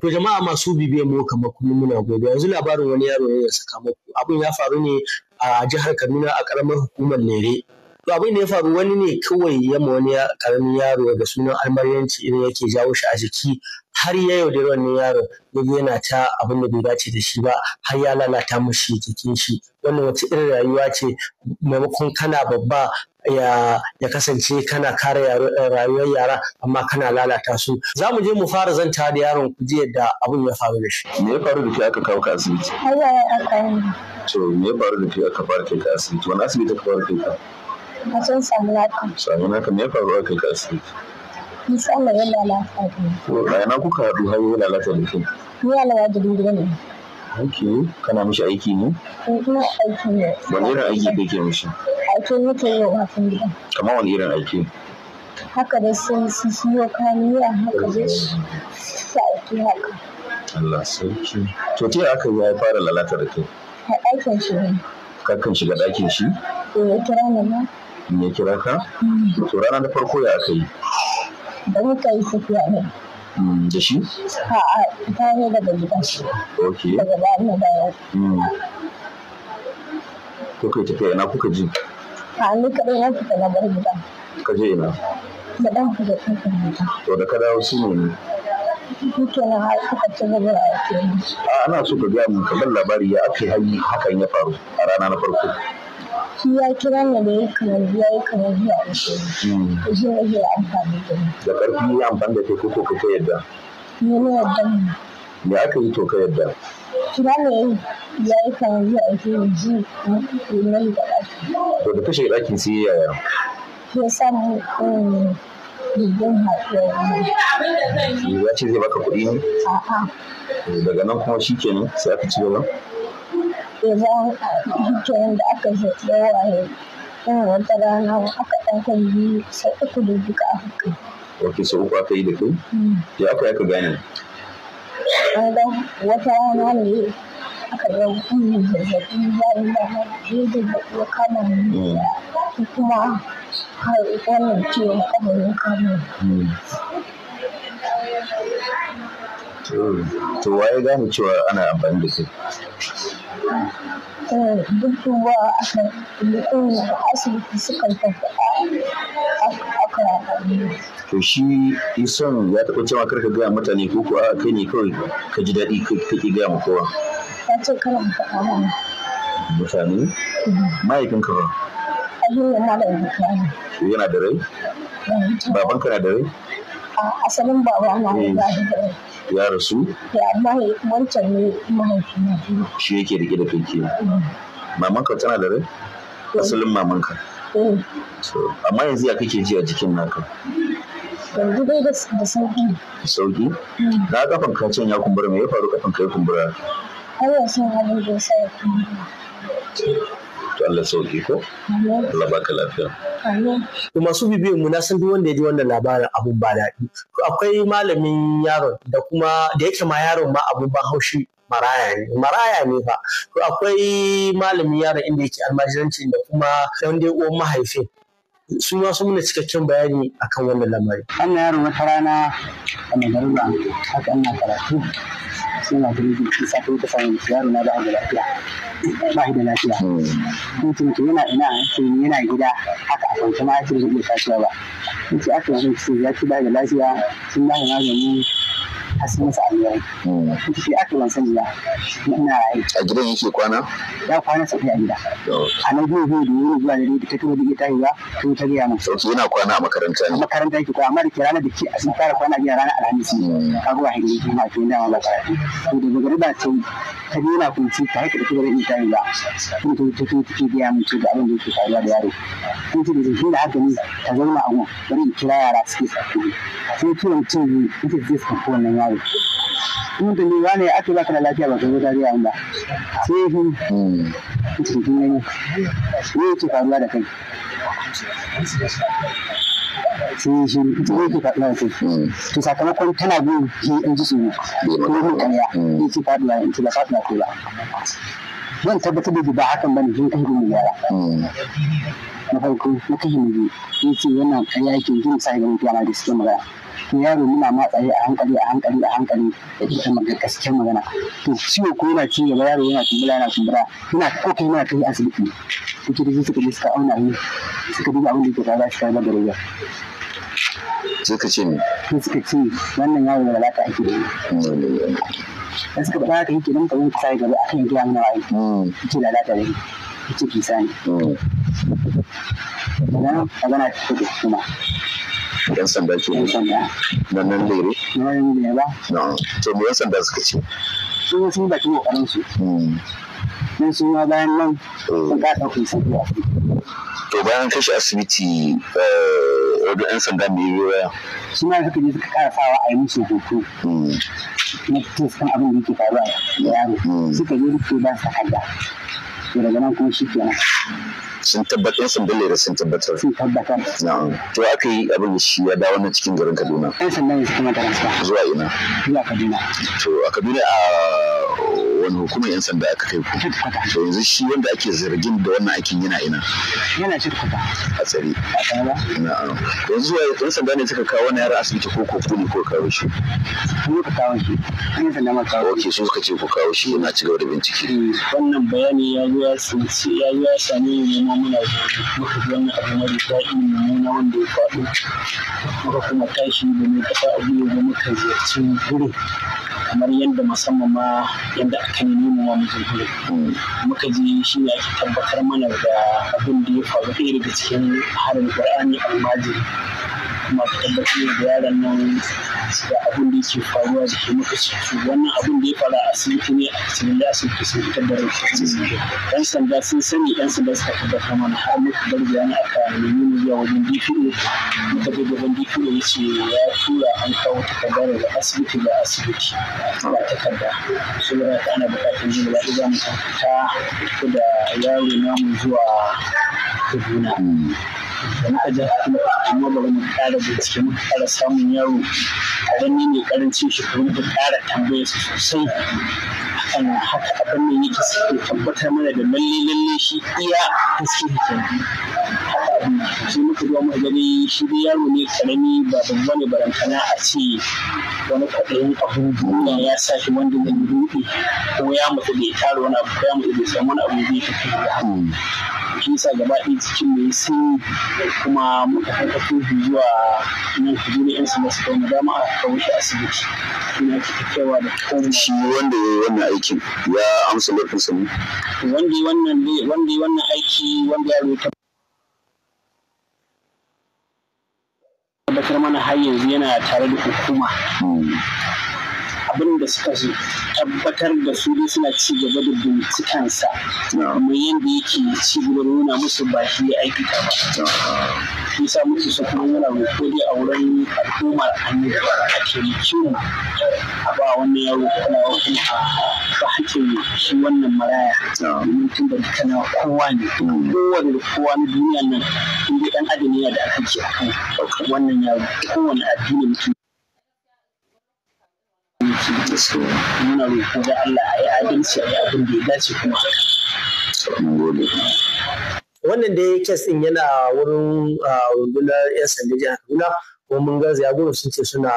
To jama'a masu bibiyar mu kamar kullum muna godiya yanzu labarin wani yaro ne ya saka muku abin ya faru ne a jihar Kaduna a karamar hukumar Lere. to abin da ya faru wani ne kawai ya ma wani karamin yaro da sunan almaryanci irin yake jawo shi a jiki har ya yaudari wannan yaro yanzu yana ta abin da bai dace da shi ba har ya lalata mishi jikin shi wannan wace irin rayuwa ce maimakon kana babba ya, ya kasance kana kare eh, rayuwar yara amma kana lalata su za mu je mu fara zanta da yaron ku ji yadda abin ya faru da shi me ya faru da shi aka kawo ka asibiti har ya aka yi to me ya faru da shi aka fara kai ka asibiti wani asibiti aka fara kai ka Mutum samu lafiya. Samu naka ne ya faru aka ka asibiti? Misali ya lalata da To a yana kuka haɗu har ya lalata da ke? Ni ya lalata da gida ne. Ok, kana mishi aiki ne? Eh, ina aiki ne. Wani irin aiki kake mishi? Aikin nake yi wa kan gida. Kamar wani irin aiki? Haka da sun su siyo kaniya haka da su aiki haka. Allah sarki. To ta aka yi ya fara lalata da kai? A ɗakin shi ne. Kakan shiga ɗakin shi? Eh, kira ne ma. Me ya kira ka to rana na farko ya aka yi da muka yi safiya ne mm, da shi a ta ne daga gidan shi ok daga bayan na bayan kuka yi tafiya ina kuka ji a ni kaɗai ya fita na bar gida ka je ina da ɗan da ɗan fita to da ka dawo su ne kenan har aka ci gaba a ana so ka gaya min kamar labari ya ake hanyar hakan ya faru a rana na farko shi ya kira ni da hmm. ya kamar biya ya kamar biya da shi shi ne zai amfani da ni da ƙarfi ya amfani da ke ko ka ta yadda ne ne yadda ne Me aka yi to ka yadda kira ne ya yi kamar biya da ke ji na ne da ɗaki to da kashe ɗakin sai yaya ya samu um, jirgin haɗuwa ya ce zai baka kuɗi ne a'a daga nan kuma shi kenan sai aka ci gaba to za da aka zaɓa waye yin wata rana aka biyu sai uku da duka a aka yi da mm. aka wata rana ne aka zazzaɓi da mm. kuma har wannan ciwon mm. gane cewa ana amfani da gudunmawa a kan asibiti sukan aka to shi isan ya taɓa cewa karka gaya mutane ko ko kai ne kawai ka ji daɗi kake gaya ma kowa ya ce kana faɗa mana mutane mahaifinka ba Aliyu yana da yana da rai? Babanka na da rai? a asalin baba na hmm. ya rasu ya mai wancan ne mahaifina shi yake rike da kai hmm. mamanka tana da rai eh. asalin mamanka eh. amma yanzu ya kake ji a jikin naka yanzu dai da sauki sauki hmm. na kafan ka can ya kumbura me ya faru kafan kai kumbura har yanzu halin da sai kumbura Allah sauki ko Allah baka lafiya to masu bibiyan mu na san duk wanda ya ji wannan labarin abun ba daɗi to akwai malamin yaron da kuma da yake ma yaron ma abun ba haushi maraya ne maraya ne fa to akwai malamin yaron inda yake almajiranci da kuma wanda ya uwan mahaifin su ma sun cikakken bayani akan wannan lamari. Wannan yaron wata rana a Magaruba haka ina karatu suna da miji shi sa ta samu yaro na ba da lafiya ba da lafiya mutum ke yana ina sai yana gida haka a kwance ma ya ce zai iya tafiya ba yace aka yi ya ci ba da lafiya sun ba da magani har sai allurai raye hmm. a gidan yake kwana ya kwana sai a gida oh. a nan biyu biyu da yini zuwa da ta tura da ita yiwa to ta gaya mun sauki yana kwana a makaranta ne makaranta yake kwana amma da ke ranar da ke a sun fara kwana biya ranar alhamis ne hmm. ka zuwa hanyar yake ma to ina ba karatu to daga gari ba ta ta biyu na kunci ta haka da tura da ita yiwa to to to to gaya mun to da abin da yake faruwa da yaro kun ce da zai da haka ne ta zauna a gun bari kira yara suke sa sai tuwon cin yi ita zai sa kowane yaro abu mun tuni ba ne ake baka da lafiya ba ka dariya ba sai ya fi cikin gani ne yake faruwa da kai sai shi ita yake faɗuwa da kai to sakamakon tana bin shi in ji su tsoro ko mun kanya yake faɗuwa in ci ba faɗuwa da ba zan tabbatar da ba hakan bane sun kai gumin yara na farko na kashe na biyu ya ce wannan ƙarya yake jin sa ga mutuwa da suke magana to yaro muna matsaye a hankali a hankali a hankali da ita magana gaske magana to ciwo ko yana ci gaba yaro yana kumbura yana kumbura yana kokai yana kai asibiti likitoci suka je suka auna ni suka duba abin da yake faruwa suka raba da suka ce ne suka ce wannan yaro da lata ake da da suka faɗa haka yake nan ka yi kusa gaba akan gida mana wa'ayi ce da hmm. lata da ciki sani. Idan magana ta fi kuma. Yan sanda ke ne. nan lere? Wannan lere ba. To me yan sanda suka ce? Sun yi sun baki kokarin su. Mun sun ma bayan nan sun ka ɗauki sun biya. To bayan kashe asibiti wadda yan sanda mai yi waya. Su ma suka je suka ƙara sawa a yi musu hoto. Na cikin abin da yake faruwa da yaro. Suka je suka ba su takarda. to daga nan kuma shi kenan sun tabbatar sun dalle da sun tabbatar sun tabbatar na'am to aka yi abin da shi ya dawo wannan cikin garin Kaduna ɗan sandan ya kuma transfer zuwa ina zuwa Kaduna to a Kaduna a wani hukumar yan sanda aka kai ku to yanzu shi wanda ake zargin da wannan aikin yana ina yana cirkuta a tsare na'am yanzu yan sanda ne suka kawo wani yara asibiti ko ko ne ko kawo shi ku ka kawo shi ne sanda ma kawo shi so suka ce ku kawo shi yana ci gaba da bincike wannan bayani ya zo ya tsinci ya zo ya same ni ne muna muka ji wannan abu mara daɗi na wanda ya faɗo muka kuma tashi da mai kafa a da muka ziyarci gure kamar yadda musamman ma yadda aka nemi ma muke muka je shi ne ake tabbatar mana da abin da ya faru ɗaya daga cikin harin ƙur'ani almajiri kuma ta tabbatar da yaron nan da abin da yake faruwa da ke muka ciki wannan abin da ya fara a asibiti ne a cikin da asibiti sun tabbatar da shi yan sanda sun sani yan sanda suka tabbata mana har muka bar bayani aka nemi mu zuwa wajen DPO muka je gaban DPO ya ce ya tura an kawo takarda da asibiti da asibiti ba takarda saboda ta ana bukatar jin da za mu ta da yaro namu zuwa Kaduna. Hmm. Wani muka ja kuma kuma gaba mu ƙara bincike muka ƙara samun yaro gani ne ƙarancin shi kuma muka ƙara tambaya su sosai akan haka abin nan yake suke tabbatar mana da lalle lalle shi iya gaske yake sai muka zo muka gani shi da yaro ne karami ba babba ne barantana a ce wani kwaɗayin abin duniya ya sa shi wanda zai ruɗe ko ya mutu bai tara wani abu ko ya mutu bai samu wani abu zai tafi shi gaba ɗaya cikin mai sun kuma muka karkato shi zuwa nan ku na yan sanda suka mu dama a kawo shi asibiti ina kyakkyawa da kuma shi wanda ya yi wannan aikin ya amsa laifin sanu wanda yi wannan aiki wanda ya rota tabbatar mana har yanzu yana tare da hukuma hmm. abin da suka tabbatar da su dai suna ci gaba da bincikansa kamar yadda yake ci gaba da nuna musu ba shi ya aiki ba shi sa musu su kuma yana kokari a wurin al'ummar annabi a taimake mu a ba wannan yaro kulawa kuma a ba hakin shi wannan maraya domin tun da kana kowa ne mm. kowane da kowa na duniya nan inda dan adam yana da a akan wannan yaro kowane addini mutum so muna roƙo da Allah a yi adalci a da ya dace kuma wannan da ya kes din yana wurin ah, rundunar 'yan sanda jihar kaduna kuma mun ga zagunan sun ce suna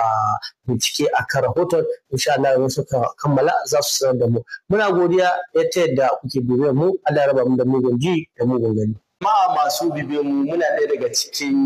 bincike a kan rahoton insha Allah idan suka kammala za su sanar da mu muna godiya da ta yadda kuke bibiyar mu Allah ya raba mu da mugun ji da mugun gani jama'a masu bibe mu muna ɗaya daga cikin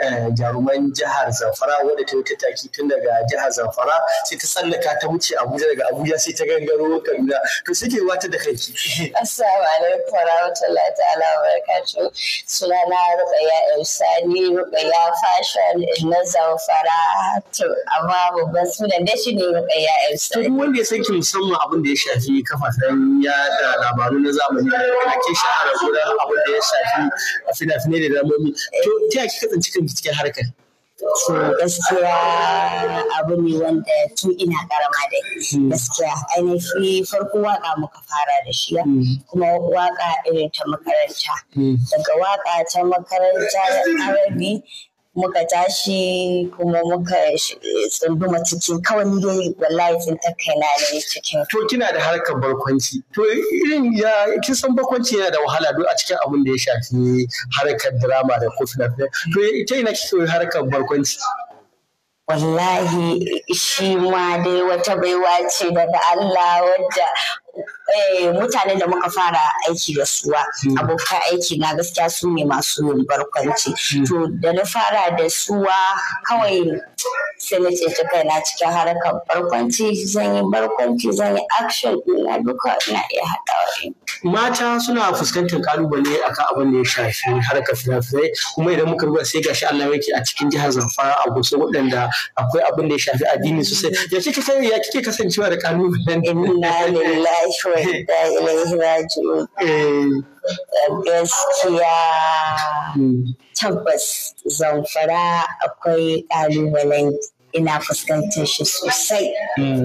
eh, jaruman jihar zamfara wadda ta ta taki tun daga jihar zamfara sai ta tsallaka ta wuce abuja daga abuja sai ta gangaro kaduna to suke wata da kanki assalamu alaikum wa rahmatullahi ta'ala wa barakatuh sunana rukaya elsani rukaya fashion na zamfara to amma babban sunan da shi ne rukaya elsani to wanda ya san ki musamman abin da ya shafi kafafen yada labaru na zamani da ke shahara gudan abin da ya shafi a fina-finai da dramomi to ta yaki kasance kan cikin harkar so gaskiya abu ne wanda tun ina karama da hmm. gaskiya ainihi farko waka muka fara da shi hmm. kuma waka irin ta makaranta hmm. daga waka ta makaranta da arabi muka tashi kuma muka tsunduma cikin kawai ni dai wallahi tsintar kaina ne cikin. To kina da harkar barkwanci. To irin ya kin san barkwanci yana da wahala duk a cikin abin da ya shafi harkar drama da ko fina fita. To ita ina kike harkar barkwanci? Wallahi shi ma dai wata baiwa ce daga Allah wadda Eh, mutanen da muka fara aiki da suwa hmm. abokan aiki na gaskiya su ne masu barkwanci hmm. to da na fara da suwa kawai sai na ce kai na cikin harkar barkwanci zan yi barkwanci zan yi action ina duka ina iya haɗawa mata suna fuskantar kalubale akan abin da ya shafi harkar fina-finai kuma idan muka ruba sai gashi Allah yake a cikin jihar Zamfara a gusa waɗanda akwai abin da ya shafi addini sosai ya kike kai ya kike kasancewa da kalubalen da inna lillahi wa inna gaskiya hmm. tabbas zamfara akwai kalubalen ina fuskantar shi sosai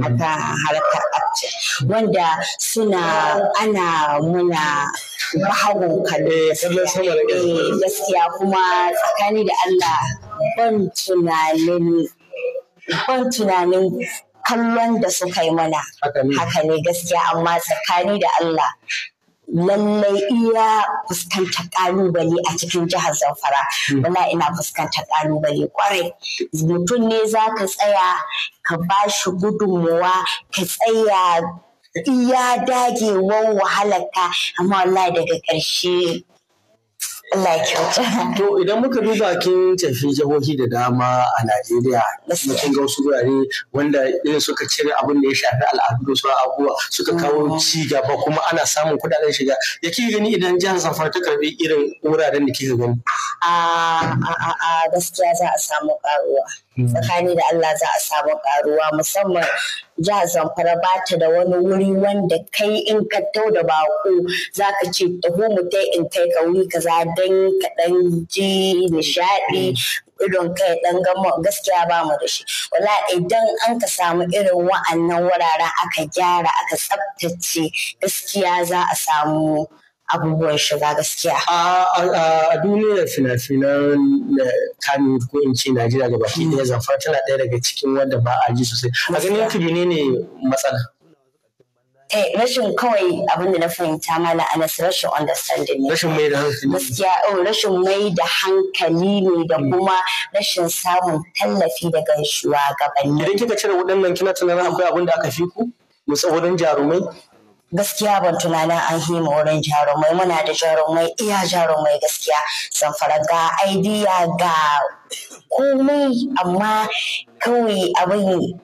a kan harkar abce wanda suna ana muna bahagun kalle eh, eh, gaskiya kuma tsakani da Allah ban tunanin ban tunanin kallon da suka yi mana haka ne gaskiya amma tsakani da Allah lallai iya fuskanta ƙalubale a cikin jihar zamfara hmm. wala ina fuskanta ƙalubale ƙwarai. mutum ne za ka tsaya ka ba shi gudunmuwa ka tsaya iya dagewar wahalarka amma wallahi daga ƙarshe To idan muka duba kin tafi jihohi da dama a Najeriya, mutum ga wasu wurare wanda irin suka cire abin da ya shafi al'adu da sauran abubuwa suka mm. kawo ci gaba kuma ana samun kuɗaɗen shiga. Ya kike gani idan jihar Zamfara ta karbi irin wuraren da kika gani? A a gaskiya za a samu karuwa. Mm. Tsakani da Allah za a samu karuwa musamman jihar zamfara ba ta da wani wuri wanda kai in ka tau da bako za ka ce taho mu ta in kai ka wuri za dan ka dan ji nishaɗi idon kai dan gama gaskiya ba mu da shi wala idan an ka samu irin wa'annan wuraren aka gyara aka tsaftace gaskiya za a samu abubuwan shiga gaskiya. A duniyar fina-finan kanu ko in ce Najeriya ga baki ɗaya hmm. zamfara tana ɗaya daga cikin wanda ba a ji sosai. A ganin ku ne ne matsala? Eh, rashin kawai abin da na fahimta mala anas rashin understanding ne. Rashin mai da hankali. Gaskiya, oh, rashin mai da hankali ne da hmm. kuma rashin samun tallafi daga gabanni. Idan kika cire waɗannan kina tunanin akwai abin da aka fi ku? Musa wurin jarumai gaskiya ban tunanin an yi wurin jarumai muna da jarumai iya jarumai gaskiya zamfara ga idea ga komai amma kawai abin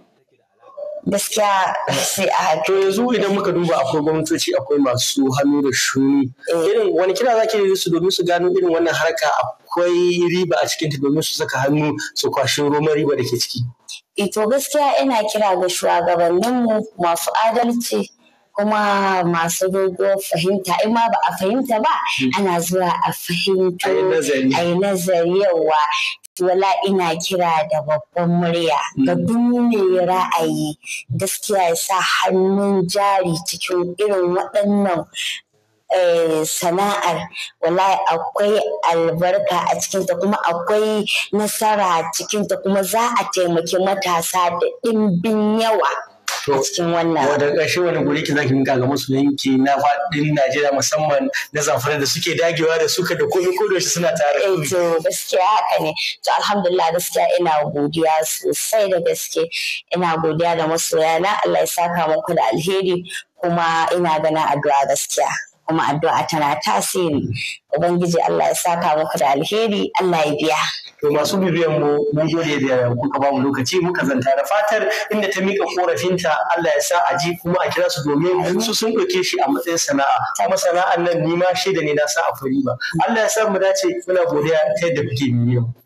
gaskiya sai a To yanzu idan muka duba akwai gwamnatoci akwai masu hannu da shuni eh. irin wani kira zaki yi su domin su gano irin wannan harka akwai riba a cikinta domin su saka hannu su kwashi roman riba da ke ciki. Ito eh, gaskiya ina kira ga shugabanninmu masu adalci kuma masu dogo fahimta in ma ba a fahimta ba hmm. ana zuwa a fahimta a yi nazari wala ina kira da babban murya hmm. ga mai ra'ayi gaskiya ya sa hannun jari cikin irin waɗannan eh, sana'ar wala akwai albarka a cikinta kuma akwai nasara a cikinta kuma za a taimaki matasa da ɗimbin yawa cikin wannan wanda ƙarshe wani guri ki zaki muka ga musulunci na faɗin Najeriya musamman na zamfara da suke dagewa da suka da komai ko da suna tare eh to gaskiya haka ne to alhamdulillah gaskiya ina godiya sosai da gaske ina godiya da masoyana Allah ya saka muku da alheri kuma ina ganin addu'a gaskiya kuma addu'a tana tasiri ubangiji Allah ya saka muku da alheri Allah ya biya to masu bibiyan mu mun gode da kuka ba mu lokaci muka zanta da fatar inda ta mika korafinta Allah ya sa a ji kuma a kira su domin su sun ɗauke shi a matsayin sana'a kuma sana'an nan ni ma da ni na sa a fari ba Allah ya sa mu dace muna godiya ta da kuke bibiyan mu